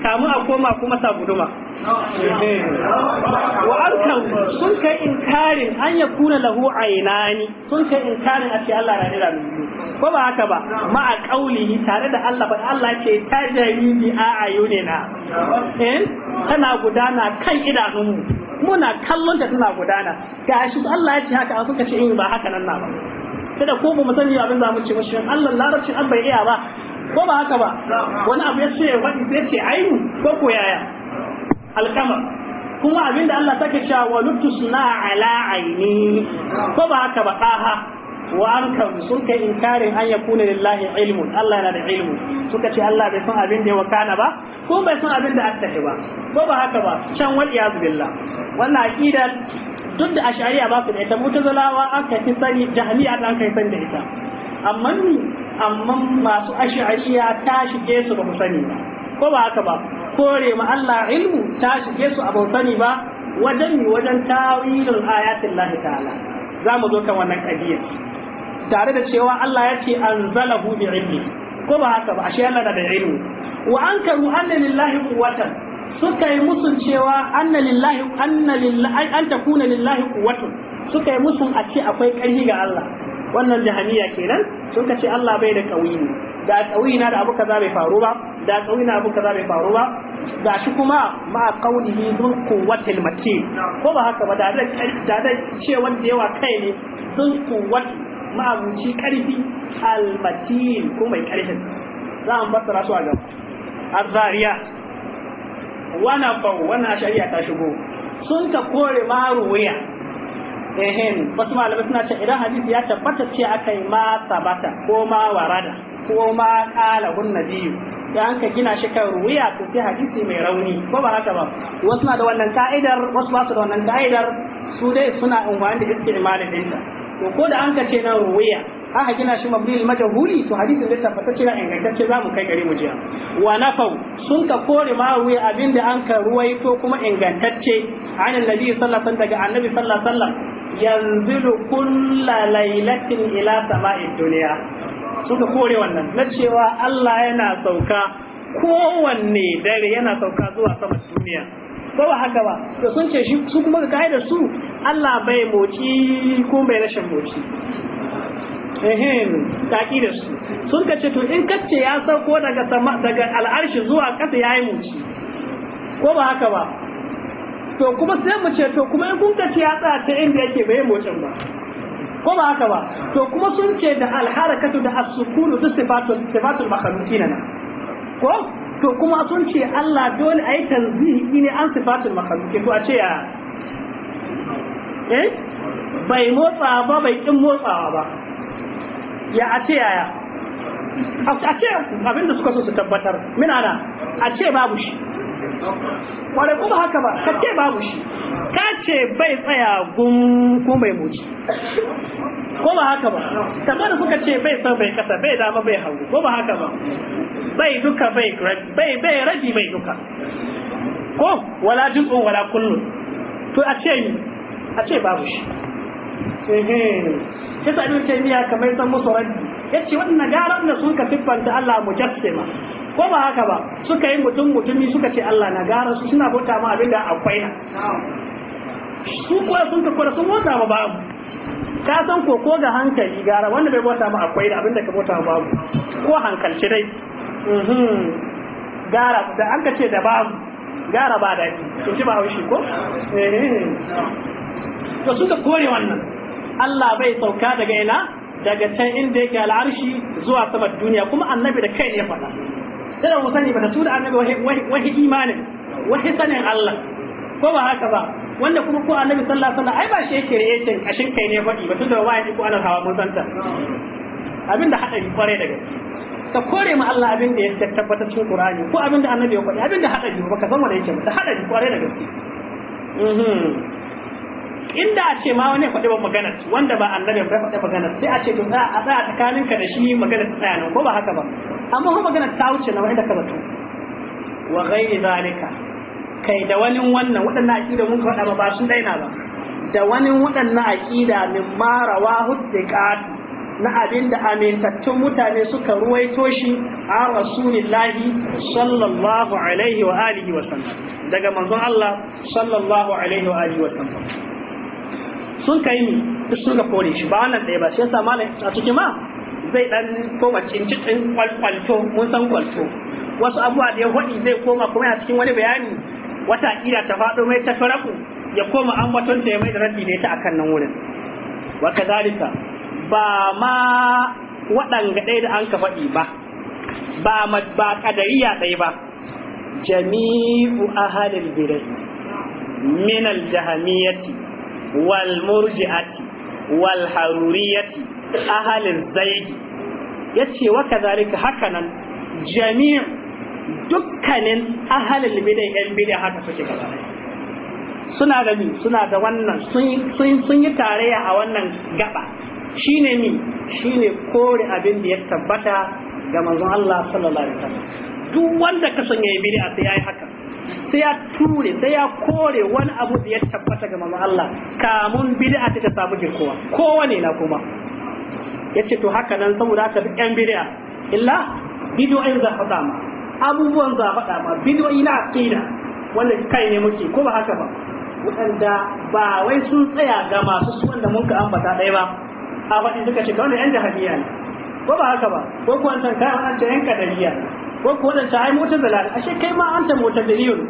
kamu a koma kuma sa guduma wa arkan sun kai inkarin an ya kuna lahu ainani sun kai inkarin a ce Allah na nira ko ba haka ba ma a kaulihi tare da Allah ba Allah ce ta jari bi a na. eh tana gudana kan idanunmu muna kallon ta tana gudana gashi Allah ya ce haka an suka ce in eh, ba haka nan na ba Sai da ko ba mu sani abin za mu ce mashi Allah larabcin an bai iya ba ko ba haka ba wani abu ya ce wani ya ce ainu ko ko yaya alkamar kuma abin da Allah take cewa wa suna ala aini ko ba haka ba qaha wa an sun kai inkarin an yakuna lillahi ilmun Allah yana da ilmu suka ce Allah bai san abin da ya wakana ba ko bai san abin da aka ba ko ba haka ba can wal iyaz billah wannan aqida duk da ashariya ba su da ita mutazalawa aka fi sani jahmiya da aka san da ita amma amma masu ashariya ta shige su ba mu sani ba ko ba haka ba kore ma Allah ilmu ta shige su a bautani ba wajen wajen tawilul ayatin lahi ta'ala za mu zo kan wannan kadiya tare da cewa Allah ya ce an zala bi ilmi ko ba haka ba ashe Allah da ilmu wa ankaru anna lillahi quwwatan suka yi musun cewa anna lillahi anna lillahi an takuna lillahi quwwatun suka yi musun a ce akwai ƙarfi ga Allah wannan jahaniya kenan sun ka ce Allah bai da ƙauyi da ƙauyi na da abu kaza bai faru ba Da kawai na abu kaza bai faru ba ga shi kuma ma ne dun quwwatil mace ko ba haka ba da da ce wanda yawa kai ne dun quwwat ma abuci karfi al ko mai karfin za a fassara su a gaba azzariya wana ba wana shari'a ta shigo sun ka kore maruwiya ehen wasu malamai suna ce idan hadisi ya tabbata ce aka yi ma sabata ko ma warada ko ma kala hunna biyu. sai an ka gina shi kan ruwiya to sai hadisi mai rauni ko ba haka ba wasu na da wannan ka'idar wasu ba su da wannan ka'idar su dai suna unwani da istimali dinta to ko da an ka ce na ruwiya an aka gina shi mabni majhuli to hadisin da tabbatacce na ingantacce za mu kai gari mu jiya wa nafau sun ka kore ma ruwiya abinda an ka ruwai ruwaito kuma ingantacce an annabi sallallahu alaihi daga annabi sallallahu alaihi wasallam yanzilu kullu lailatin ila sama'id dunya suka kore wannan na cewa Allah yana sauka kowanne dare yana sauka zuwa sama duniya ko ba haka ba to sun ce shi su kuma ga da su Allah bai moci ko bai rashin moci ehem taki da su sun ka ce to in kace ya sauko daga sama daga al'arshi zuwa kasa yayi moci ko ba haka ba to kuma sai mu ce to kuma in kun kace ya tsaya ta inda yake bai mocin ba ko ba haka ba to kuma sun ce da alharakatu da as-sukunu duk sifatul sifatul makhluqina ko to kuma sun ce Allah dole ayi tanzihi ne an sifatul makhluqi to a ce ya eh bai motsa ba bai kin motsawa ba ya a ce yaya a ce abinda suka so su tabbatar mina na a ce babu shi kwarai kuma haka ba ka ce babu shi ka ce bai tsaya gun ko bai muci ko ba haka ba kamar kuka ce bai san bai kasa bai dama bai hagu ko ba haka ba bai duka bai bai bai rabi bai duka ko wala juz'un wala kullu to a ce a ce babu shi sai sa ibn ya kamar san musu raddi yace wannan garan da sun ka siffanta Allah mujassima ko ba haka ba suka yi mutum mutumi suka ce Allah na gara su suna bauta ma abinda akwai na su kuwa sun ka kora sun bauta ma babu ka san ko ko ga hankali gara wanda bai bauta ma akwai da abinda ka bauta ma babu ko hankalci dai mhm. gara da an ka ce da babu gara ba daɗi in ji ba haushi ko eh. to suka kore wannan Allah bai sauka daga ina daga can inda yake al'arshi zuwa sama duniya kuma annabi da kai ne ya faɗa sai mu sani ba ta tura annabi wahi imanin wahi sanin Allah ko ba haka ba wanda kuma ko annabi sallallahu alaihi wasallam ai ba shi yake rayecin kashin kai ne faɗi ba tunda ba ya ko ana hawa mun santa abinda hadari kware daga ka kore mu Allah abin da ya tabbatar cikin Qur'ani ko abin da annabi ya faɗi abin da hadari ba ka san wanda yake ba hadari kware daga gaske mhm. inda a ce ma wani faɗi ba maganar wanda ba annabi ba faɗi maganar sai a ce to a tsaya tsakanin ka da shi maganar ta tsaya ko ba haka ba amma ko maganar ta wuce na wanda ka zato wa ghairi zalika kai da wani wannan waɗannan aqida mun faɗa ba ba su daina ba da wani waɗannan aqida min ma rawahu diqat na abinda amintattun mutane suka ruwaito shi a rasulillahi sallallahu alaihi wa alihi wa sallam daga manzon Allah sallallahu alaihi wa alihi wa sallam sun kai ni sun ga kore shi ba wannan ɗaya ba shi yasa malam a cikin ma zai dan koma cincin din kwalkwalto mun san kwalto wasu abubuwa da ya waɗi zai koma kuma a cikin wani bayani wata ƙira ta faɗo mai ta faraku ya koma an baton ta mai da raddi da ita akan nan wurin wa kadalika ba ma waɗanga ɗaya da an ka faɗi ba ba ba kadariya ɗaya ba jami'u ahalil bidai min al-jahmiyati wal murji'ati wal haruriyati ahalin zaidi ya ce wa kazalika hakanan jami'u dukkanin ahalin bidai yan bidai haka suke gaba suna da mi suna da wannan sun yi tarayya a wannan gaba Shi shine mi ne kore abin da ya tabbata ga manzon Allah sallallahu alaihi wasallam duk wanda ka sanya bid'a sai yayi haka sai ya ture sai ya kore wani abu da ya tabbata ga manzon Allah kamun bid'a ta samu girkowa kowane na kuma yace to haka nan saboda haka duk yan bid'a illa bid'o'in za faɗa ma abubuwan za fada ma bid'o'i na aqida wanda kai ne muke ko ba haka ba wanda ba wai sun tsaya ga masu su wanda mun ka ambata ɗaya ba a faɗi suka ce kawai yan jahiliya ne ko ba haka ba ko kuwa san kai an ce yan kadariya ne ko ko da motar mutazila ashe kai ma anta mutaziliyun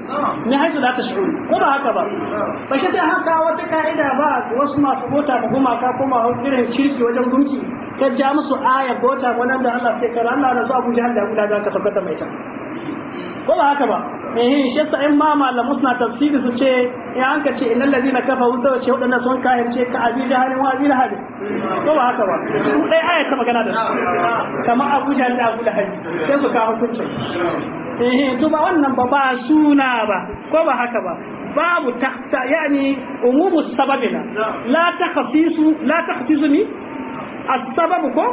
ne haisu da ta shi'uri ko ba haka ba ba shi ta haka wata ka'ida ba wasu masu mota da kuma ka koma irin shirki wajen gunki ka ja musu aya bota wannan da Allah sai kara Allah da su Abu da Abu ka tabbata mai ta ko ba haka ba eh shi yasa in ma malamu suna tafsiri su ce in an ka ce ce wadannan sun kafirce ka abi jahalin wa abi ko ba haka ba su dai aya ta magana da su kamar abu da abu sai su ka hukunci eh to ba wannan ba ba suna ba ko ba haka ba babu tahta yani umumu sababina la takhsisu la takhsisu السبب كو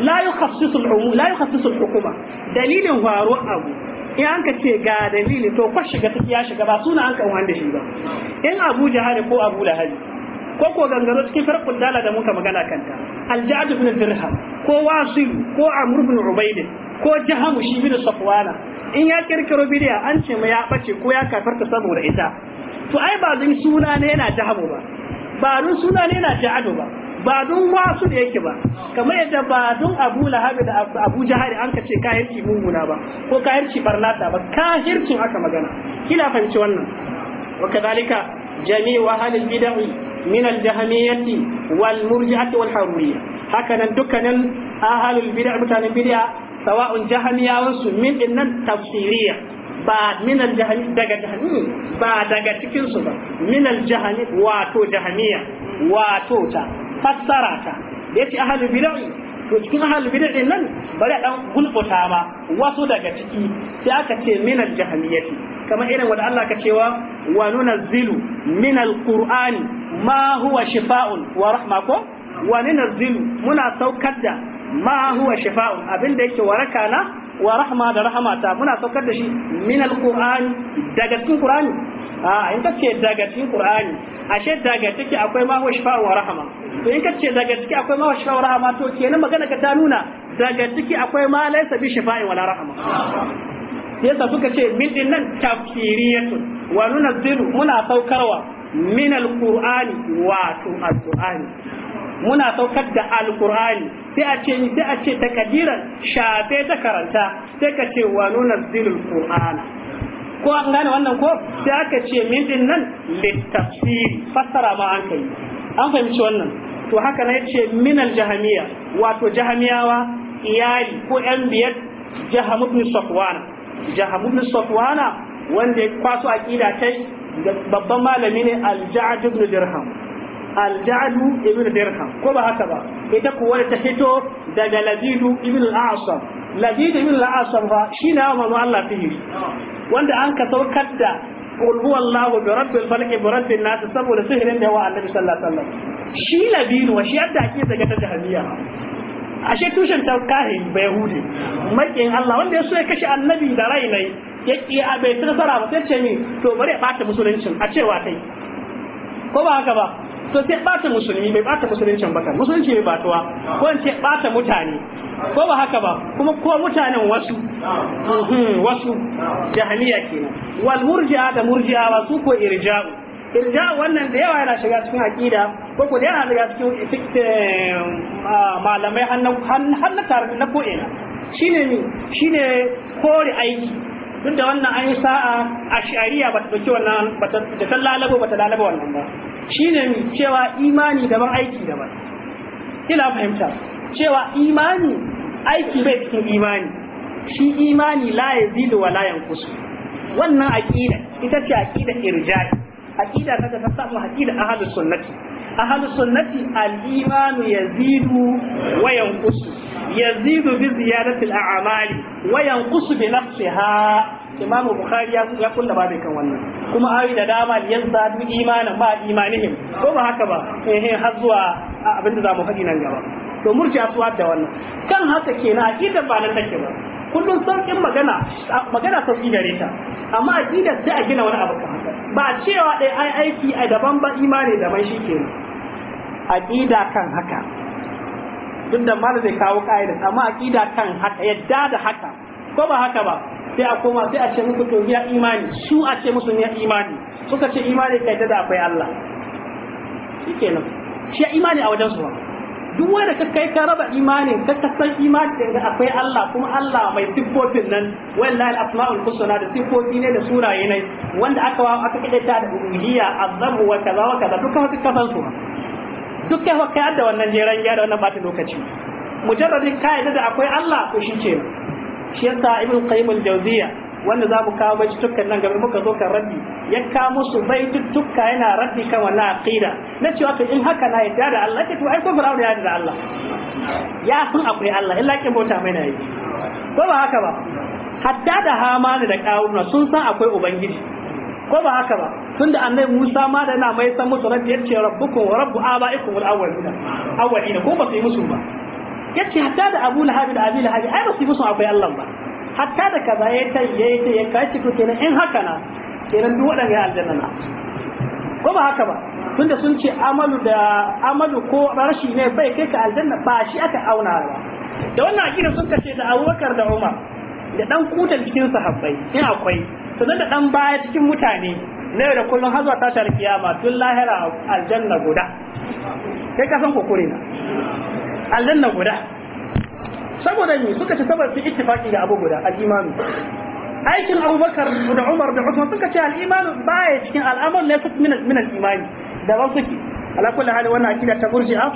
لا يخصص العموم لا يخصص الحكومه دليل هو abu in an ka ce ga dalili to kwa shiga take ya shiga ba suna an kan wanda shi ba in Abu Jahal ko Abu Lahab ko ko gangaro cikin farkon dala da muka magana kanta Al-Ja'd ibn Dirham ko Wasil ko Amr ibn Ubayd ko Jaham shi bin Safwana in ya kirkiro bidiya an ce mai ya bace ko ya kafarta saboda ita to ai ba zai suna ne yana Jaham ba ba suna ne yana Ja'd ba ba don wasu da yake ba kamar yadda ba don abu lahabi da abu an ka ce kahirci mummuna ba ko kahirci barlata ba kahircin aka magana kina fahimci wannan وكذلك جميع أهل البدع من الجهمية والمرجعة والحرورية هكذا دكنا أهل mutanen متان البدع سواء su min إن تفسيرية ba min aljahami daga jahami ba daga cikin su ba min aljahami wato jahamiya wato ta fassara ta da yace to cikin nan bari dan gulfuta ma wasu daga ciki sai aka ce min al-jahmiyati kamar irin wanda Allah ka cewa wa nunazzilu min al ma huwa shifaa'un wa wa nunazzilu muna saukar da ma huwa shifaa'un abinda yake waraka na wa rahma da rahmata muna saukar da shi min al daga cikin qur'ani a in ka ce daga cikin qur'ani ashe daga take akwai ma huwa shifa wa rahama to in ka ce daga ciki akwai ma huwa shifa wa rahama to kenan magana ka ta nuna daga ciki akwai ma laisa bi wa la rahama yasa suka ce min din nan tafsiriyatu wa nunazzilu muna saukarwa min alqur'ani wa tu alqur'ani muna saukar da alqur'ani sai a ce sai a ce takadiran shafe ta karanta sai ka ce wa nunazzilul alqur'ana ko an gane wannan ko sai aka ce min din nan littafsiri fassara ma an kai an fahimci wannan to haka na yace min aljahamiya wato jahamiyawa iyali ko yan biyar jaham ibn safwana jaham safwana wanda ya kwaso aqida tai babban malami ne al-ja'd ibn dirham alja'adu ibn dirham ko ba haka ba ita kuwa ta fito daga labidu ibn al-asam labidu ibn al-asam fa shi na mamu Allah fihi wanda an ka saukar da qul huwallahu bi rabbil falaq bi rabbin nas saboda sihirin da wa annabi sallallahu alaihi wasallam shi labidu wa shi adda ake daga ta jahiliya ashe tushen ta kahi ba yahudi makin Allah wanda ya so ya kashe annabi da rai ne ya bai tsara ba sai ce ni to bari ya bata musuluncin a cewa kai ko ba haka ba to sai bata musulmi bai bata musuluncin ba kan musulunci bai batuwa ko in ce bata mutane ko ba haka ba kuma ko mutanen wasu uhm, wasu jahiliya kenan wal murji'a da murji'a ba su ko irja'u irja'u wannan da yawa yana shiga cikin aqida ko ko yana shiga cikin eh, ah, malamai har na tare na ko ina shine ni shine kore aiki duk da wannan an yi sa'a a shari'a ba ta dauki wannan ba ta lalaba ba ta lalaba wannan ba shine cewa imani daban aiki daban ina fahimta cewa imani aiki bai cikin imani shi imani la yazidu wa la yanqusu wannan aqida ita ce aqida irja'i aqida ta ta samu aqida ahlus sunnati ahlus sunnati al-iman yazidu wayan yanqusu yazidu bi ziyadati al-a'mali wa yanqusu bi nafsiha imam bukhari ya ya kulla ba kan wannan kuma ayi da dama yanzadu imanan ba imanihim ko ba haka ba eh har zuwa abinda zamu faɗi nan gaba to murji aswad da wannan kan haka kenan aqidar ba nan take ba kullum saukin magana magana sauki gare ta amma aqidar sai a gina wani abu ba cewa dai ai aiki a daban ba imani daban kenan. aqida kan haka duk da malam zai kawo ka'ida amma aqida kan haka yadda da haka ko ba haka ba sai a koma sai a ce musu to ya imani su a ce musu ya imani suka ce imani kai da akwai Allah shikenan shi imani a wajen su ba duk wanda ka kai ka raba imanin ka ka san imanin da akwai Allah kuma Allah mai siffofin nan wallahi al-asmaul husna da siffofi ne da suraye ne wanda aka aka kida ta da ubudiyya azabu wa kaza wa kaza duk haka ka san su duk kai kai da wannan jeran gyara wannan bata lokaci mujarradin ka yadda da akwai Allah ko shi ce shi yasa ibn qayyim al-jawziya wanda za mu kawo bai tukkan nan gaba muka zo kan raddi ya ka musu bai tukka yana raddi kan wannan aqida na cewa to in haka na yadda da Allah ke to ai ko fir'auna ya da Allah ya san akwai Allah illa kin bauta mai na yi ko ba haka ba hatta da hamani da kawuna sun san akwai ubangiji ko ba haka ba tunda annabi Musa ma da yana mai san musu rabbi yace rabbukum wa rabbu abaikum al awwalina awwalina ko ba su yi musu ba yace hatta da Abu Lahab da Abi Lahab ai ba su yi musu akwai Allah ba hatta da kaza ya ta ya ta ya kashi to kenan in haka na kenan duk waɗanda ya aljanna na ko ba haka ba tunda sun ce amalu da amalu ko rashi ne bai kai ka aljanna ba shi aka auna ba da wannan akida sun kace da Abubakar da Umar da dan kutan cikin sahabbai in akwai sannan da ɗan baya cikin mutane na yau da kullum har zuwa tashar kiyama tun lahira aljanna guda kai ka san kokore na aljanna guda saboda ni suka ci saboda su ittifaki ga abu guda al-imanu aikin abubakar da umar da usman suka ce al-imanu baya cikin al'amar ne su min al-imani da ba suke ala kulli hali wannan akida ta murji'a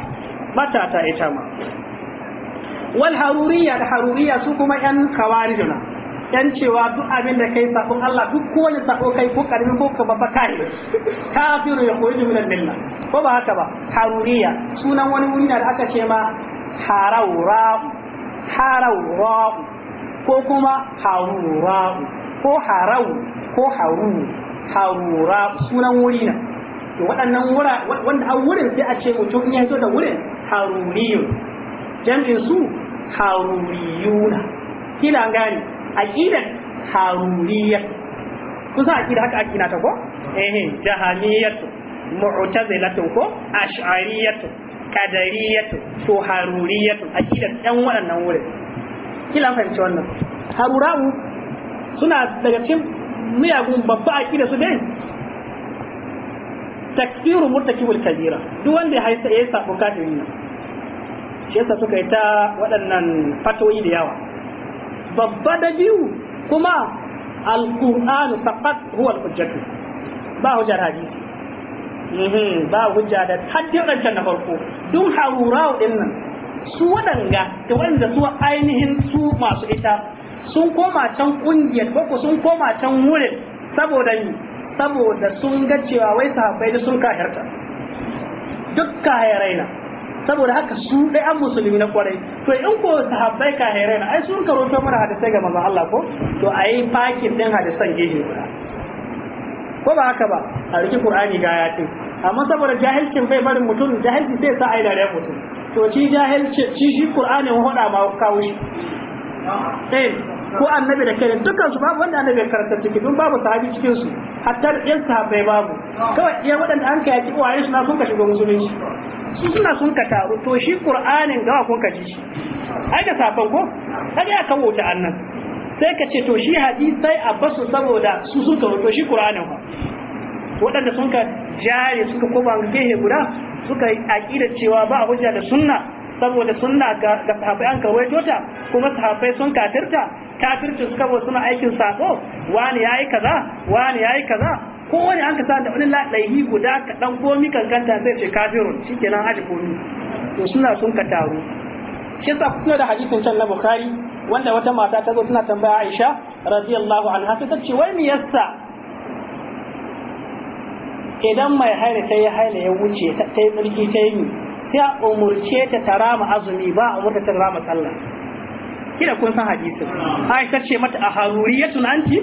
mata ta ita ma wal haruriya da haruriya su kuma yan kawarijuna dan cewa duk abin da kai sabon Allah duk kowane sako kai ko karbi ko ka babba kai kafiru ya koyi min billah ko ba haka ba haruriya sunan wani wuri da aka ce ma harawra harawra ko kuma harura ko harau ko haru harura sunan wuri na waɗannan wura wanda a wurin sai a ce mutum ya zo da wurin haruriyun jam'in su haruriyuna kila gani aqidan haruriyya kusa aqida haka aqida ta ko eh jahamiyatu mu'tazilah ko ash'ariyyah qadariyatu to haruriyatu aqidan dan waɗannan wuri. kila fahimci wannan harurawu suna daga cikin miyagun babba aqida su dai takfiru murtakibul kabira duk wanda ya haisa ya sabo kafirin nan shi yasa suka yi ta waɗannan fatoyi da yawa babba da biyu kuma alqur'anu faqat huwa alhujjatu ba hujjar hadisi ba hujja da haddin can na farko dun harurau din nan su waɗanga da wanda su ainihin su masu ita sun koma can ƙungiyar ko sun koma can wurin saboda ni saboda sun ga cewa wai sahabbai da sun kahirta duk kahirai na saboda haka su dai an musulmi na kwarai to in ko sahabbai kahirai na ai sun karoto mana hadisai ga manzon Allah ko to ayi pakin din hadisan gehe guda ko ba haka ba a riki Qur'ani ga ya ce amma saboda jahilcin bai barin mutum jahilci sai sa ai da mutum to shi jahilci shi shi Qur'ani mu hoda ma kawo shi eh ko annabi da kai dukkan su babu wanda annabi karanta ciki dun babu sahabi cikin su hatta yan sahabbai babu kawai ya waɗanda an kai yaki uwaye su na sun ka shigo musulunci su suna sun ka taru to shi qur'anin gawa kun ka ji shi ai da safan ko sai aka wuta annan sai ka ce to shi hadisai a basu saboda su sun ka to shi qur'anin ko waɗanda sun ka jare suka koma gehe guda suka yi aƙidar cewa ba a hujja da sunna saboda sunna ga sahabbai an karwaito ta kuma sahabbai sun kafirta kafirci suka bo suna aikin sako wani yayi kaza wani yayi kaza ko wani an ka sa da wani laihi guda ka dan gomi kankanta sai ce kafirun shikenan aji komi to suna sun ka taru shi sa kuna da hadisin can na bukhari wanda wata mata ta zo suna tambaya aisha radiyallahu anha sai ta ce wai me yasa idan mai haila ta yi haila ya wuce ta yi mulki ta yi sai a umurce ta ta mu azumi ba a umurta ta rama sallah kina kun san hadisin Aisha ce mata a haruriyatun anti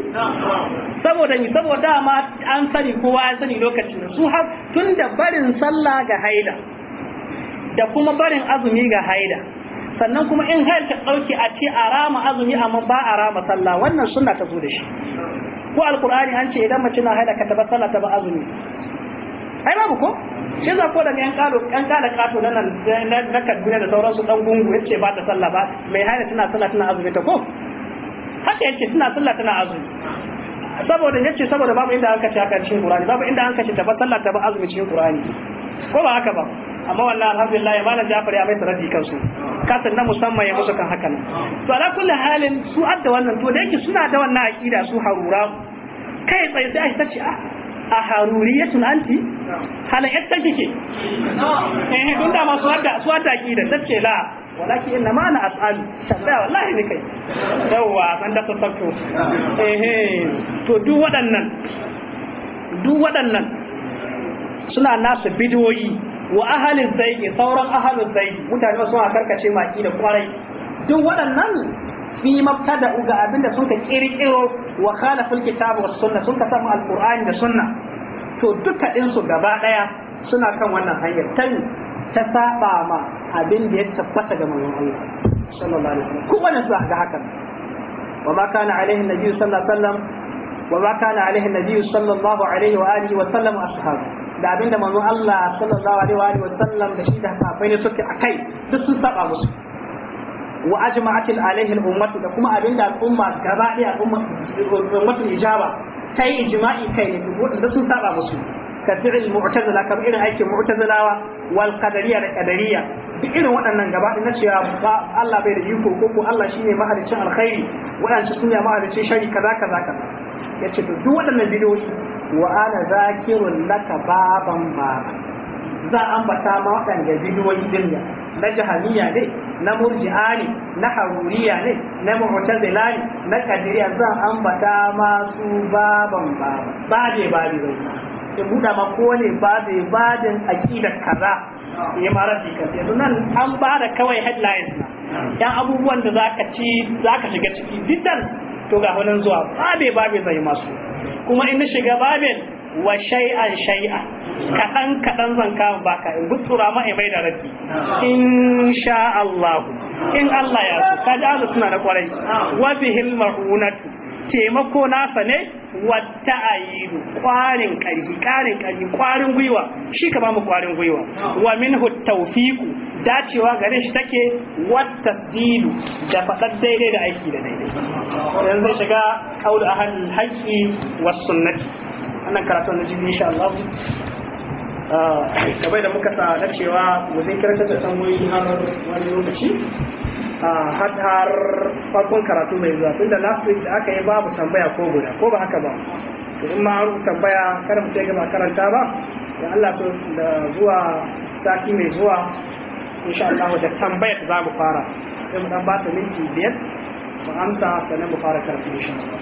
saboda ni saboda ma an sani kowa ya sani lokacin su har tun da barin sallah ga haida da kuma barin azumi ga haida sannan kuma in har ta dauke a ce a rama azumi amma ba a rama sallah wannan sunna ta zo da shi ko alqur'ani an ce idan mace na haida ka taba sallah ta ba azumi ai babu ko shi za ko daga yan kalo yan kala kato na na Kaduna da sauransu dan gungu yace ba ta sallah ba mai haila tana sallah tana azumi ta ko haka yace tana sallah tana azumi saboda yace saboda babu inda an kace haka cin Qur'ani babu inda an kace ta ba sallah ta ba azumi cikin Qur'ani ko ba haka ba amma wallahi alhamdulillah ya malam Jafar ya mai sanadi kansu kasan na musamman ya musu kan haka nan to ala kulli halin su adda wannan to da yake suna da wannan aqida su harura kai tsaye sai a tace a ah, a haruriyatun anti halayyar ta kike eh kun da masu wadda su wadda ki da tace la walaki inna ma ana as'alu tambaya wallahi ne kai yawa san da tsafto eh, eh to duk waɗannan duk waɗannan suna nasu bidiyoyi wa ahalin zaiki sauran ahalin zaiki mutane suna karkace maki da kwarai duk waɗannan fi mabtada ga abinda sun ka kirkiro wa khalaful kitabu was sunna sun ka samu alqur'ani da sunna to duka din su gaba daya suna kan wannan hanyar tan ta saba ma abin da ya tabbata ga manzon Allah sallallahu alaihi wasallam kuma su ga hakan wa ma kana alaihi nabi sallallahu alaihi wasallam wa ma kana alaihi nabi sallallahu alaihi wa alihi wa sallam ashabu da abinda manzon Allah sallallahu alaihi wa alihi wa sallam da shi da sahabbai ne suke akai duk sun saba musu wa ajma'atil alaihi al-ummatu da kuma abinda al'umma gaba ɗaya al'ummatul ijaba ta yi ijma'i kai ne da sun saba musu ka fi'il mu'tazila kamar irin aikin mu'tazilawa wal qadariyya da qadariyya duk irin waɗannan gaba na cewa ba Allah bai da iko ko ko Allah shine mahalicin alkhairi waɗansu sun ya mahalicin shari kaza kaza kaza yace to duk waɗannan bidiyoyi wa ana zakirun laka baban baban za a ambata ma waɗanda bidiyoyi din na jahamiya ne na murji'a ne na haruriya ne na mu'tazila ne na kadiriya za a ambata ma su baban baban ba babe zai in buɗa ma kowane babe babin aƙidar kaza ya mara jikar yanzu nan an ba da kawai headlines na yan abubuwan da zaka ci zaka shiga ciki diddan to ga hannun zuwa ba babe zai masu kuma in shiga babin wa shay'an shay'an kaɗan kaɗan zan kawo baka in gutsura ma in mai da rabi in sha Allah in Allah ya so kaji azu suna da kwarai wa bihil ma'unatu taimako nasa ne wata ayidu kwarin karfi kwarin gwiwa shi ka bamu kwarin gwiwa wa minhu tawfiqu dacewa gare shi take wata dilu da faɗar daidai da aiki da daidai yanzu zai shiga kaulu ahal haƙi wa sunnati annan karatu na jibi insha Allah Ah, kamar da muka sa na cewa muzin zai da da tsanwoyi har wani lokaci ah, har farkon karatu mai zuwa tunda last week da aka yi babu tambaya ko guda ko ba haka ba to in ma an tambaya kada mu sai gaba karanta ba da Allah to da zuwa sati mai zuwa insha Allah da tambayar za mu fara sai mu dan ba ta minti biyar mu amsa sannan mu fara karatu insha Allah